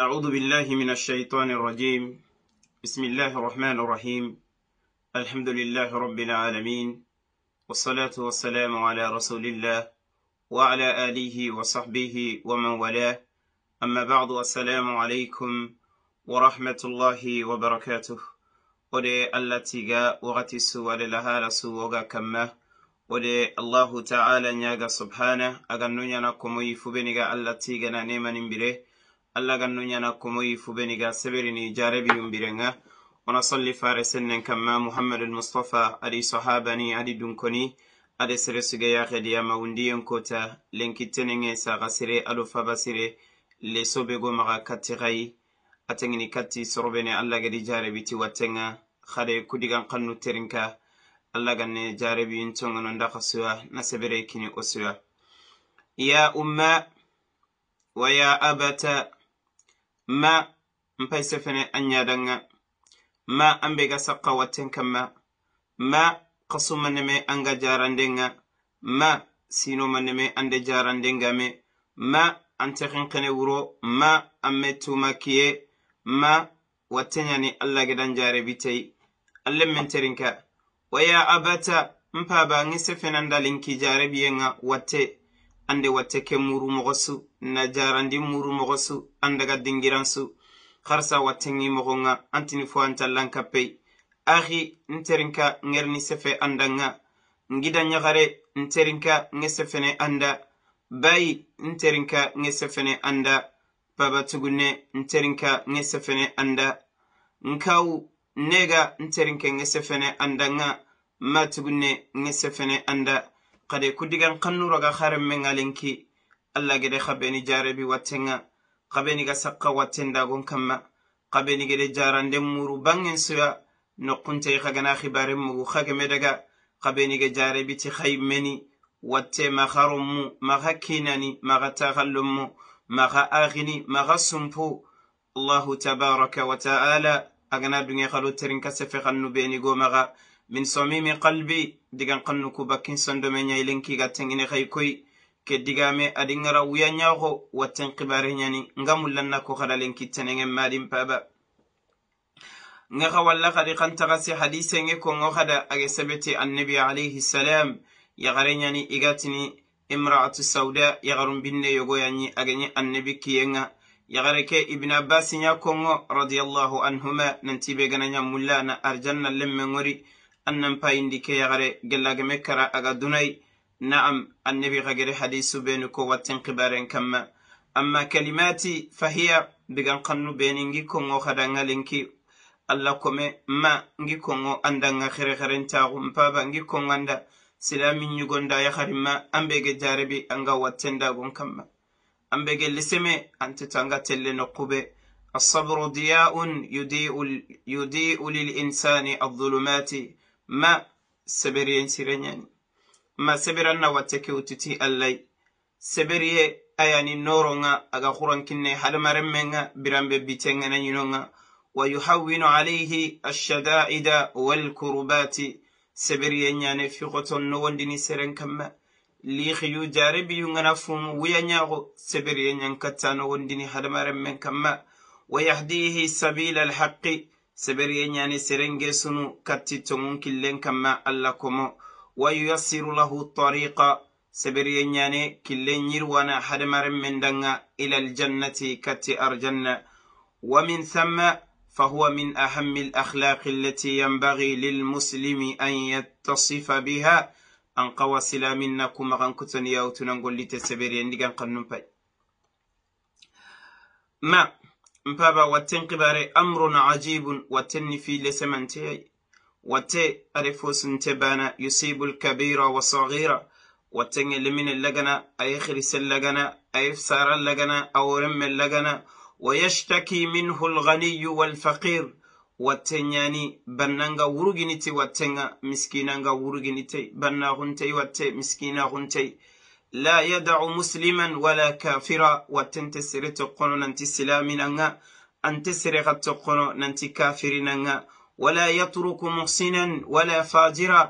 أعوذ بالله من الشيطان الرجيم بسم الله الرحمن الرحيم الحمد لله رب العالمين والصلاة والسلام على رسول الله وعلى آله وصحبه ومن والاه أما بعد السلام عليكم ورحمة الله وبركاته ولي alla tiga wakati suwale وغا كما kamma الله تعالى نياغا سبحانه subhana aganno ñana komoyi fubeniga alla tigana nemanin alla ganno ñana komoyi fubeniga seberini jarebiyumbirenga ona solli fare sennen kamma muhammadul mustapha adi sahabani adi dunkoni ade sere sugeyaxediya mawundiyen kota lenkittenenge saxa sire ado faba sire leso be go maxa katti xayi atengini katti sorobene alla gedi jarebiti wattenga xade kudigan xannu terinka alla ganne jarebiyin tongononda xa suya na sebere kini o suya ya umma wa ya abata ma n paise fene a ɲadanga ma an be ga sakka watten kanma ma kasuma neme an ga jaranden ga ma sinoma neme an de jaranden ga me ma an tegen kene wuro ma an me tuma kiye ma wattenɲani allah gedan jarebitei allen menterinka waya abata n paba ŋi sefenandalin ki jarebiyen ga watte an de watte ke muru mogo su na jarandi muru mogo su anda ga dingiran su kharsa watengi mogo nga antini fu anta lanka pei aghi nterinka ngerni sefe anda nga ngida nyagare nterinka nge sefene anda bayi nterinka nge sefene anda baba tugune nterinka nge sefene anda nkau nega nterinka nge sefene anda nga ma tugune nge sefene anda kade kudigan kanuraga kharemmen alinki allah gede khabeni jarebi watenga khabeni ga sakka watenda wattendagon kamma khabeni gede jarande muru bangen suya no soya noquntei kagana hibaren mugu khabeni ga jarebi ti jarebiti meni watte maharommu maha kinani maha tahallommu maha agini maha sumpu allahu tabaraka wa ta'ala agana dunge halo terin kasefe hannu beni go maga min somimi qalbi digan kannu ku bakkin sondome nyailenkiga tengine hay koy mee digame adin ŋara wuyanyaxo watten xibare ɲani nga mullanna ko xadalen kittenengen madin paba nga xa walla xadi xan taxasi hadisenge kongo xada age sebeti annabi alayhi salam yaxare ɲani igatini imra'atu sauda yaxarun binne age ageɲi annabi kiyenga yaxare ke ibn abbas ɲa kongo radiyallahu anhuma nantibe gananɲa mulla na arjanna lemmen ŋori an nan payindi ke yaxare gellageme kara aga dunay. نعم النبي غير حديث بينك واتنقبارين كما أما كلماتي فهي بغن قنو بينينجي كونغو خدانغا لينكي الله كومي ما نجي كونغو أندانغا خير خيرين تاغو مبابا نجي كونغو أندا سلامي نيغون دا يخاري ما أمبيغي جاربي أنغا واتن داغون كما أمبيغي لسمي أنت تانغا تلي نقوبي الصبر ضياء يضيء يضيء للإنسان الظلمات ما سبرين سيرين ma seberan na allay kewtiti allai seberiye ayani noronga aga hurankinne hadamarenmenga biranbe bitenga na yinonga wa yuhawwinu alayhi alshada'ida walkurubati seberiye nyane figoton nowondini seren kamma liixiyu jarebiyungana fumu wuyañaxo seberiye ñan no wondini hadamarenmen kamma wa yahdihi sabila alhaqi seberiye ñani serenge sunu katti tongun killen kamma allah komo وييسر له الطريق سبرينياني كلين يروانا حدمر من دنا إلى الجنة كت أرجنة ومن ثم فهو من أهم الأخلاق التي ينبغي للمسلم أن يتصف بها أن قوى سلامنا كما غن كتن يوتنا نقول لتسبري لغن قنن باي ما مبابا واتن قباري أمر عجيب واتن في لسمنتي wate ade fosun te bana yusibul kabira wa sagira watenge limine lagana aye hirisen lagana aye saran lagana aworenmen lagana wayashtaki minhu alghaniyu walfaqir wattenyani bannanga wuruginiti wattenga miskinanga wuruginitei bannahuntei watte miskinahunte la yadacu musliman wala kafira wattente sere tokkono nanti silaminanga ante sere ha tokkono nanti kafirinanga ولا يترك محسنا ولا فاجرا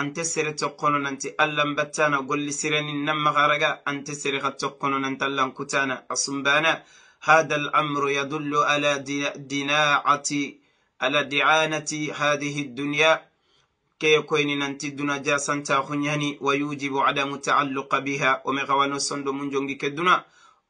أنت سر تقنون أنت ألم بتانا قل سرني النم غرقا أنت سر تقنون أنت ألم كتانا أصنبانا هذا الأمر يدل على دناعة على دعانة هذه الدنيا كي يكون أنت دنا جاسا تاخنياني ويوجب عدم تعلق بها ومغوانو سندو من جونجي كدنا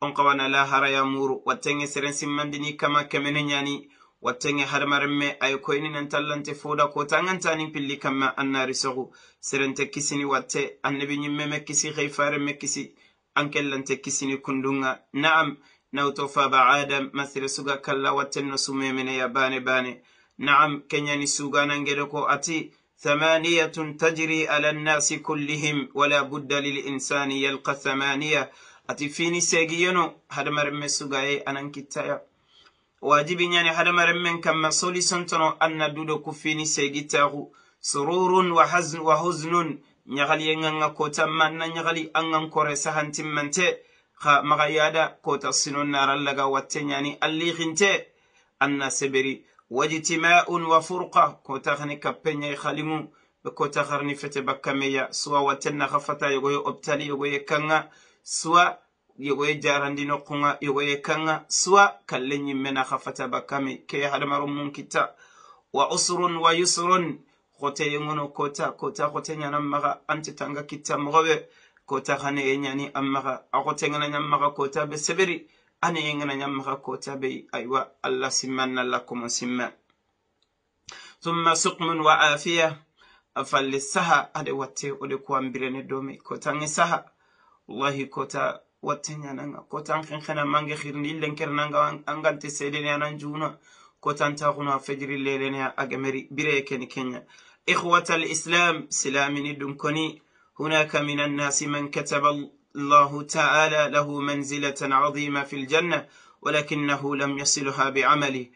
أنقوانا لا هرى يامور وتنجي سمان دني كما كمنياني wattenge hadamaren aye koyininen tallante foda kota ngantanin pilli kamma annari sogu serente kisini watte annabi ñimmeme kisi heyfareme kisi ankellante kisini kundunga naam nawto faba adam masire suga kalla watten no sumemene ya bane bane naam kenyani suganangede ko ati ثمانية تجري على الناس كلهم ولا بد للإنسان يلقى ثمانية أتفيني سيجيونو هذا مرمي سجاي أنا كتايا wajibi ɲani hadamaren men kanma soli sontono an na du do kuffini segitaxu sururun wa huznun ɲagali ye ŋan ŋa kota man na ɲagali an ŋan kore sahantin mante xa maxa yada kota sino naran laga watte ɲani an lixinte an na seberi wajtimaun wa furqa kota xani kappe ɲai xalimu be kota xarini fete bakkameya suwa watten na xa fata yogoye opitali yogoye kan ŋa suwa yogoye jarandino kuŋa yogoye kaŋa suwa kalle yimme na hafata bakkami keye hadamaro mun kitta wa usurun wa yusurun hote yeŋono kota kota hote yanan maga ante tanga kitta mogobe kota hane ye yani an maga a hote ŋana yan maga kota be seberi ane ye ŋana yan maga kota be aywa allah simman nalla komo simma tumma sukmun wa afiya a falli saha ade watte o de kuwan birene domi kotaŋe saha wallahi kota watenya wattenyananga kotan kenkena mange xirni illenkerenanga angante sedene anan juna kotantaxuna fejiri leleneya agemeri bire keni kenya إخوة الإسلام سلامين دمكني هناك من الناس من كتب الله تعالى له منزلة عظيمة في الجنة ولكنه لم يصلها بعمله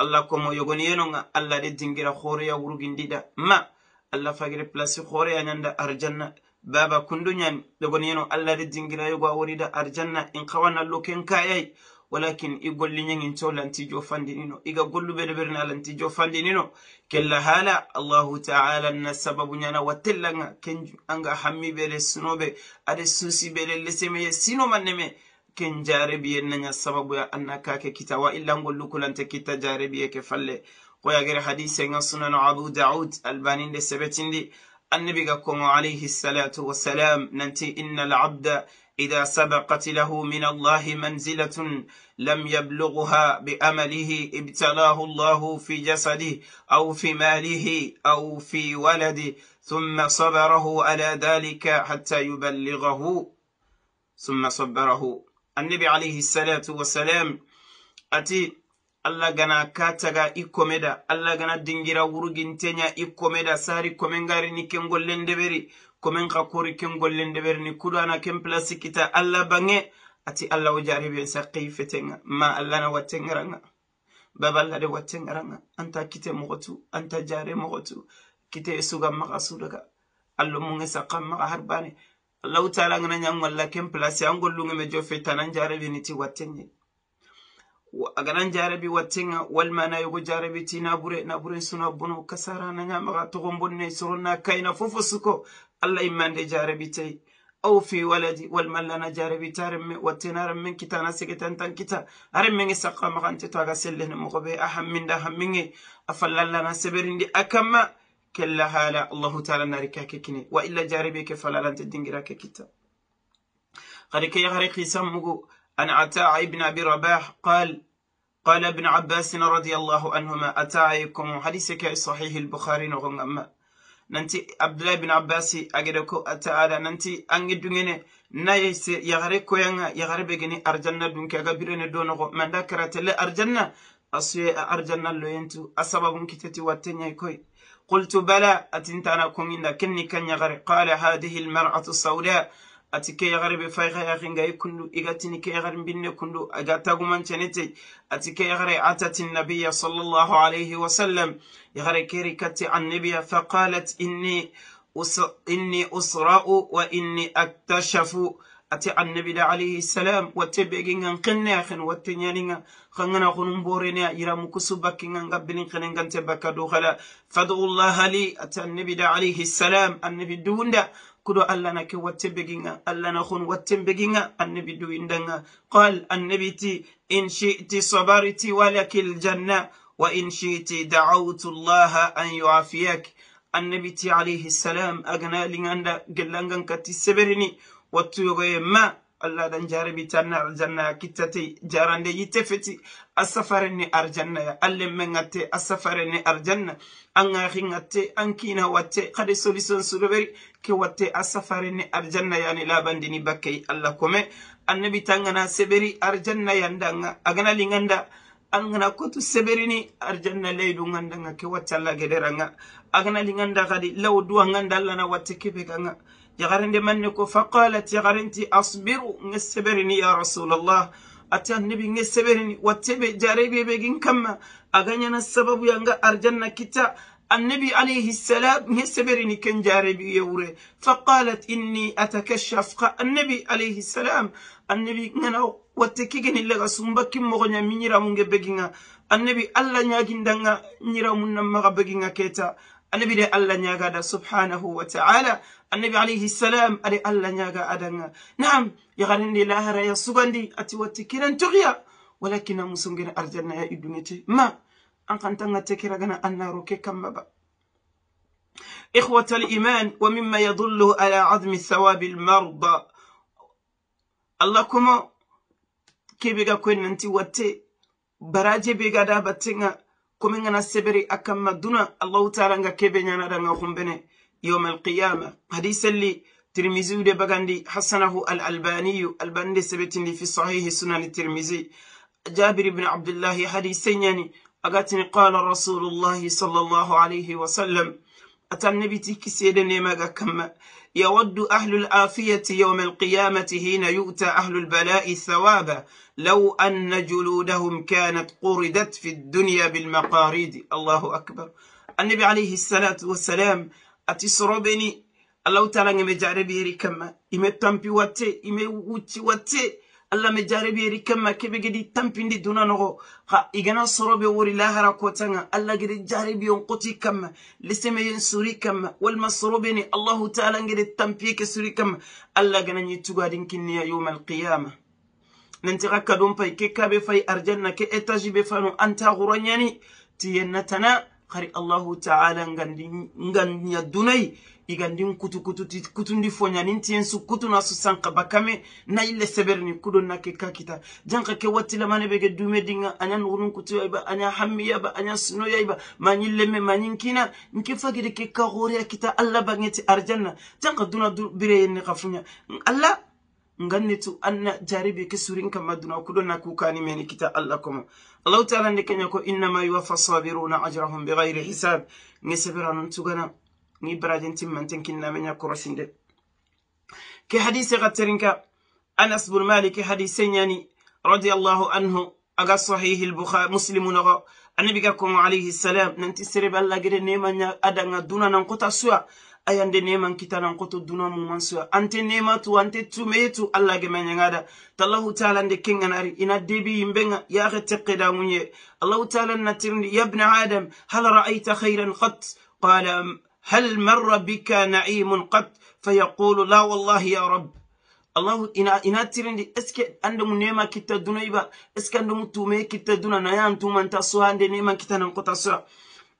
الله كم يغنينون الله دي خوريا ورغن ما الله فقر بلاسي خوريا نند أرجنة baba kundunyan dogoniyeno allah de gwa wuri da arjanna in kawanallo lokin kayai walakin i golliñeginto lantijo fandinino iga lanti jo fandi nino kella haala allahu taala na sababu ñana wattellanga ken anga hammiɓeɗe sunoɓe aɗe susiɓeɗe ya sino manneme ken jarebiye sababu ya anna kake kita wa illa gollukulante kita ke falle koyagere hadise nga sunan abu daud albaninde di النبي قوم عليه الصلاة والسلام ننتي إن العبد إذا سبقت له من الله منزلة لم يبلغها بأمله ابتلاه الله في جسده أو في ماله أو في ولده ثم صبره على ذلك حتى يبلغه ثم صبره النبي عليه الصلاة والسلام أتي allah gana kataga i komeda allah gana dingira wuruginteya i komeda sari komen garini ken gollen deɓeri komen ka kori ken ni kuɗana ken plasi kita allah bange ati allah wo jariben sakkeyi fetenga ma allah na wattengaranga baba allah de wattengaranga anta kite mogotu anta jare mogotu kite sugan maga sudaga allah munge sakkan maga har bane taala ngana ñangwalla ken plasi an gollungeme jo fetana wattenye agaran jarabi watenga walmana yugo jarabi tinabure nabure suna bono kasara na nyama ga to gombonne suruna kaina fufusuko alla imande jarabi tay او في ولدي والملانا جاربي تارم واتنار من كتانا سكتان تان كتا ارم من ساقا مغان تتاقا سلين مغبي اهم من دا هم مني افلا لنا سبرين دي اكما كلا هالا الله تعالى ناري كاككني وإلا جاربي كفلا لان تدين غرا كتا غريك يا غريق يسام مغو أن عتاء بن أبي رباح قال قال ابن عباس رضي الله عنهما أتاعيكم حديثك صحيح البخاري نغم ننتي عبد الله بن عباس أجدك أتاعي ننتي أنجي دنيني ناي يغري كوينا يغري بجني أرجنة دونك أغبرين دونغو من ذكرت لي أرجنة أصي أرجنة اللي ينتو أسباب كتتي واتيني كوي قلت بلا أتنتانا كوميندا كني كان يغري قال هذه المرأة الصولاء ati ke yagarebe fay ga yaginga ikundu igatini ke yagar binne kundu aga taguman chanete ati ke yagare atati nabiyya sallallahu alayhi wa sallam yagare keri kati an nabiyya faqalat inni usra'u wa inni aktashafu ati annabida alayhi salam watte begingan qinne khin watte nyaniga khangana khunum borene ira mukusu bakkinga ngabbilin khine ngante bakka khala fad'u allaha li ati annabida alayhi salam annabi duwunda kudo allah na ke watte beginga allah na khun watte beginga annabi duwindanga qal annabi ti in shi'ti sabarti walakil janna wa in shi'ti da'awtu allaha an yu'afiyaki annabi ti alayhi salam agana linganda gellangan kati seberini wattuyogoye ma allah dan jarabi tanna arjannaya kittate jarande yi tefeti asafare ni arjannaya alle men gatte asafare ni arjanna an gahi gatte an kina watte hade solution suloweri ke watte asafare ni arjanna yani labandini bakkeyi allah kome annabi tangana seɓeri arjanna yandaga agana liganda an gana kotu seɓerini arjanna leydu gandaga ke watte allah gedera ga agana liganda kadi law duwa ganda allah na watte keɓe ga ga يغرند منكو فقالت يغرنتي أصبر نسبرني يا رسول الله أتى النبي نسبرني واتبع جاربي بيجين كما أغنينا السبب يانغا أرجنا كتا النبي عليه السلام نسبرني كن جاربي يوري فقالت إني أتكشف النبي عليه السلام النبي ننو واتكيجن اللغة سنبكي مغنى من يرامون بيجينا النبي الله نياجين دنغا نيرامون نمغا بيجينا كتا النبي لي الله نياغا سبحانه وتعالى النبي عليه السلام علي الله نياغا نعم يغنيني لا هرى يا سوغاندي اتي واتي تغيا ولكن مسونغين ارجلنا يا ادونيتي ما ان كنت تكيرا غنا ان روكي كمبا اخوه الايمان ومما يدل على عظم الثواب المرضى الله اللهكم كيبيغا كوين انتي واتي براجي بيغا دابتينغا كومين انا سبري اكما دونا الله تعالى انغا كيبي نانا دانغا خمبني يوم القيامة حديث اللي ترمزي دي بغاندي حسنه الالباني الباني سبتين في صحيح سنة الترمزي جابر بن عبد الله حديث يعني اغاتني قال رسول الله صلى الله عليه وسلم أتنبتي كسيدني تيكي سيدة يود أهل الآفية يوم القيامة حين يؤتى أهل البلاء ثوابا لو أن جلودهم كانت قردت في الدنيا بالمقاريد الله أكبر النبي عليه الصلاة والسلام أتسربني الله تعالى نمجعر بيري كما إمي تنبي واتي إمي وتي واتي alla me jarebiyeri kemma kebe gedi tampindi duna nogo xa igana sorobe wori lahara kotanga alla gede jarebiyon koti kamma lisemeyen suri kamma walma sorobeni allahu taala ngede tampiye ke suri kamma alla gana ɲi tugadin kinniya yoma alqiyama nanti xa kadon pay ke kabe fay arjanna ke étage be fano anta xuraɲani tiyen natana hari allahu taala ngandiya dunayi igandin kutukututi kutundi foñanin tiyen su kutuna su sanka bakame na ille seberni kudon na ke kakita janka ke wattilamane be ge dume dinga aña nugunun kutuyayba aña hammiyaba aña sunoyayba mañin lemme mañin kina nke fagede ke kaxoreya kita allah bangeti arjanna janka duna bireyenni xa fuña allah ngannetu anna jaribe ke surin kamma duna na kukani meni kita allah komo الله تعالى نكن يقول إنما يوفى الصابرون أجرهم بغير حساب نسبران تغنى نبراد انت من تنكنا من يقرشين دي كي حديث غترنك أنس بن مالك حديث يعني رضي الله عنه أغا صحيح البخاري مسلم نغا النبي كم عليه السلام ننتي سرب الله غير نيمان أدعنا دونا نقطع سوا أيام نيمان كتار نقطع دونا ممان سوا أنت نيمان تو أنت تو ميتو الله جمعنا غدا الله تعالى نكين عناري إن دبي يمبنا يا غتق دامونية الله تعالى نتمن يا ابن عادم هل رأيت خيرا قط قال هل مر بك نعيم قط فيقول لا والله يا رب allahu ina ina tirindi est ce que ande mu nema kitta dunaiba est ce que ande mu tume kitta duna na yan tumanta so hande nema kitta nan kota sura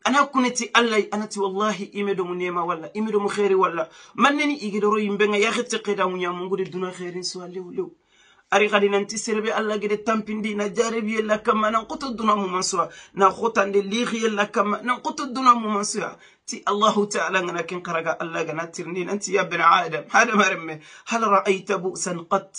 ana kuneti allah anati wallahi imedo mu nema walla imedo mu khairi walla manneni igedoro yimbe nga yakhete qeda mu nyamu ngode duna khairin so lew lew ari kadi nanti serbe allah gede tampindi na jarebi yella kamma nan kota duna mu mansuwa na khotande lighi yella kamma nan kota duna mu mansuwa تي الله تعالى أنا كن قرقة الله جنا ترنين أنت يا ابن آدم هذا مرمي هل رأيت بؤسا قط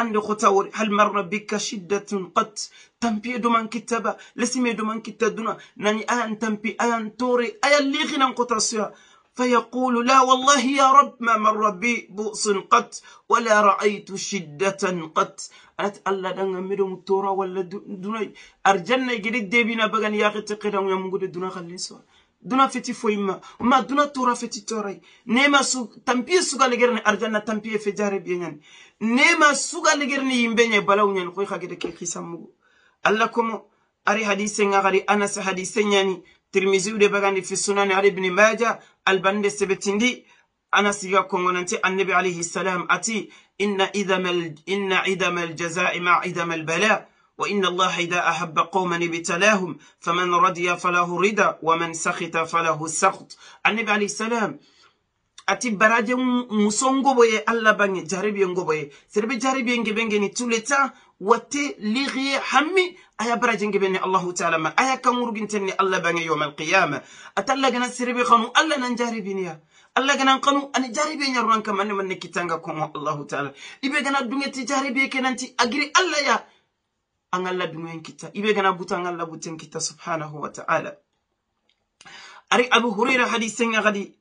أن خطور هل مر بك شدة قط تنبي دمان كتابة لسمي دومان كتابة ناني أن تنبي أن توري اللي لغنا قطرسها فيقول لا والله يا رب ما مر بي بؤس قط ولا رأيت شدة قط أنا الله دعنا مدوم تورا ولا دوني أرجعنا جديد دبينا بغن يا أخي تقدم يا مقول دونا خليسوا duna feti foyima ma duna tora feti torai nema su tampiye suga arjanna tampiye fe jare biyeñani nema suga legerni yimbeñe balawñani koy xagede ke xisammugu allah komo ari hadise nga xari anas hadise ñani tirmisiu de bagandi fi sunani ali ibni maja albande sebetindi anas yiga kongonanti annabi alayhi salam ati inna idama aljazai ma idama albala وإن الله إذا أحب قوما ابتلاهم فمن رضي فله رضا ومن سخط فله سخط النبي عليه السلام ati baraje muso ngobo ye allah bange jaribiye ngobo ye serebe jaribiye ngebengeni tout le temps watte ligiye hammi aya baraje ngebeni allahu taala ma aya kamuru kangurugintenni alla bange yom al ata atalla gana serbe kanu alla nan jaribiniya allah ganan kanu ani jaribe ñarunan kam anne manne kitanga kongo allahu taala ibe gana dungeti jaribi jaribe nanti agiri alla ya an Allah dunguyen kita ibe gana buta an Allah buten kita subhanahu wa ta'ala ari abu huraira hadisen gadi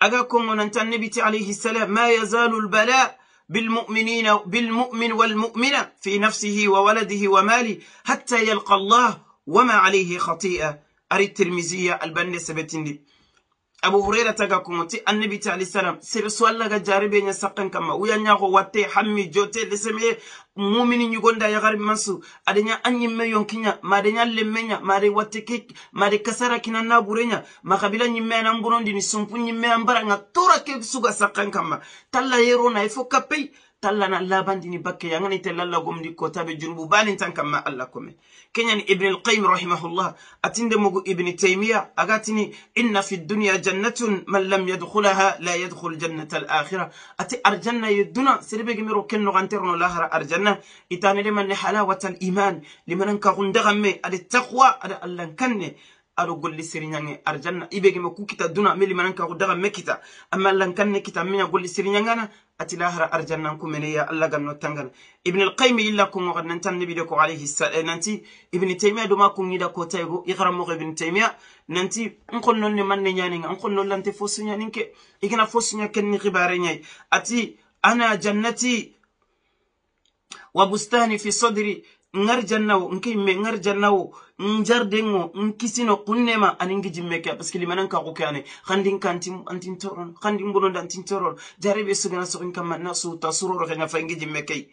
aga kongo nan tan nabi ta alayhi salam ma yazalu al bala بالمؤمنين بالمؤمن والمؤمنة wa نفسه وولده وماله حتى يلقى الله وما عليه خطيئة أري الترمذية albani sabatindi abu hurairata ga komo ti annabi ta alisalam sebe so allah ga jaribe nya sakkan kamma uya nyago watte hammi jote leseme mumini ñugonda yagari mansu adenya anyimme yonkinya madenya lemmenya made watte ke made kasara kina na burenya makabila nyimme anan bonondi ni sompu nyimme ambara nga tora ke suga sakkan kama talla yero na ifo kapei tallana labandini bakke yangani te lalla gomdi ko tabe junubu banin tan ma alla kome kenyan ibn al-qayyim rahimahullah atinde mugu ibn taymiya agatini inna fi dunya jannatun man lam yadkhulaha la yadkhul jannata al-akhirah ati arjanna yaduna sirbe gemiro kenno ganterno lahara arjanna itani de man halawatan iman liman ka gundagamme ad taqwa ad allan kanne ado golli sirinyani arjanna ibege me ku kita duna meli manan ka daga me kita amma lankan ne kita minya golli sirinyangana ati lahara arjanna ku mene ya alla ganno tangana ibn al-qayyim illa kun wa nan tan nabi ko alayhi salam nanti ibn taymiya do ma kun yida ko taygo igram mo ibn taymiya nanti on kon non ne man ne nyani on kon non lante fosunya ninke igna fosunya ken ni khibare nyai ati ana jannati wa bustani fi sadri ngar jannawo nke me ngar jannawo njardengo nkisino kunnema aningi jimmeke parce que limanan ka ko kane khandin kantim antin toron khandin toron sugana so in kamma nasu tasuroro kanga fangi jimmeke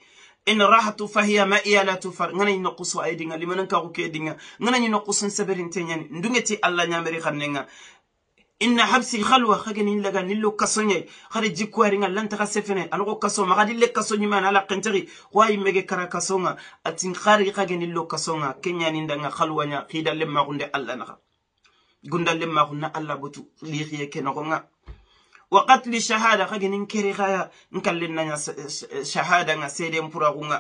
in rahatu fahiya ma iya la ngana ka ko ngana tenyani ndungeti nyamere inna habsi khalwa khagani laga nillo kasonye khare jikwari nga lanta khasefene algo kaso magadi le kaso nyima na la qentari wai mege kara kasonga atin khari khagani lo kasonga kenya ninda nga khalwa nya khida le magunde alla na gunda le magunna alla butu li khiye kenogo nga wa qatli shahada khagani nkeri khaya nkallina nanya shahada nga sede mpura nga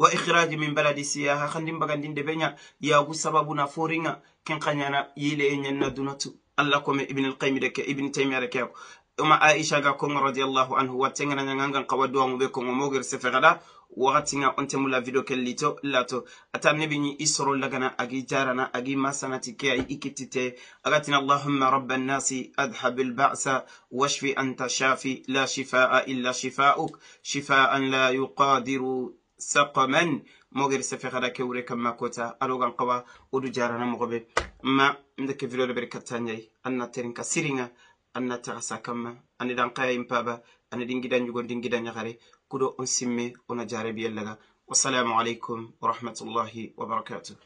wa ikhraj min baladi siyaha khandim bagandinde benya ya gu sababu na foringa kenkanyana yile enyanna dunatu allah kome ibn al qaymi deke, ibn ibni deke de keko oma ga kongo radiyallahu anhu wattengana ñagangan kawa duwangu ɓe kongo mogir sefe nga ontemu la video ke lito lato ata nebi nyi isoro lagana agi jarana agi masana tikea ay ikitite agatina allahumma rabba nasi annasi adhab albasa washfi anta shafi la shifaa illa shifauk Shifaa an la yuqadiru saqaman mogeri sefe xada ke wure kamma kota alogan qawa odu jarana mogobe ma ndeke video lebere kattanyai anna terinka siringa anna taxasa kamma ani dan qaya impaba ani dingida ñugon dingida ñaxare kudo on simme ona jarabiyellaga wasalamu alaikum warahmatullahi wabarakatuh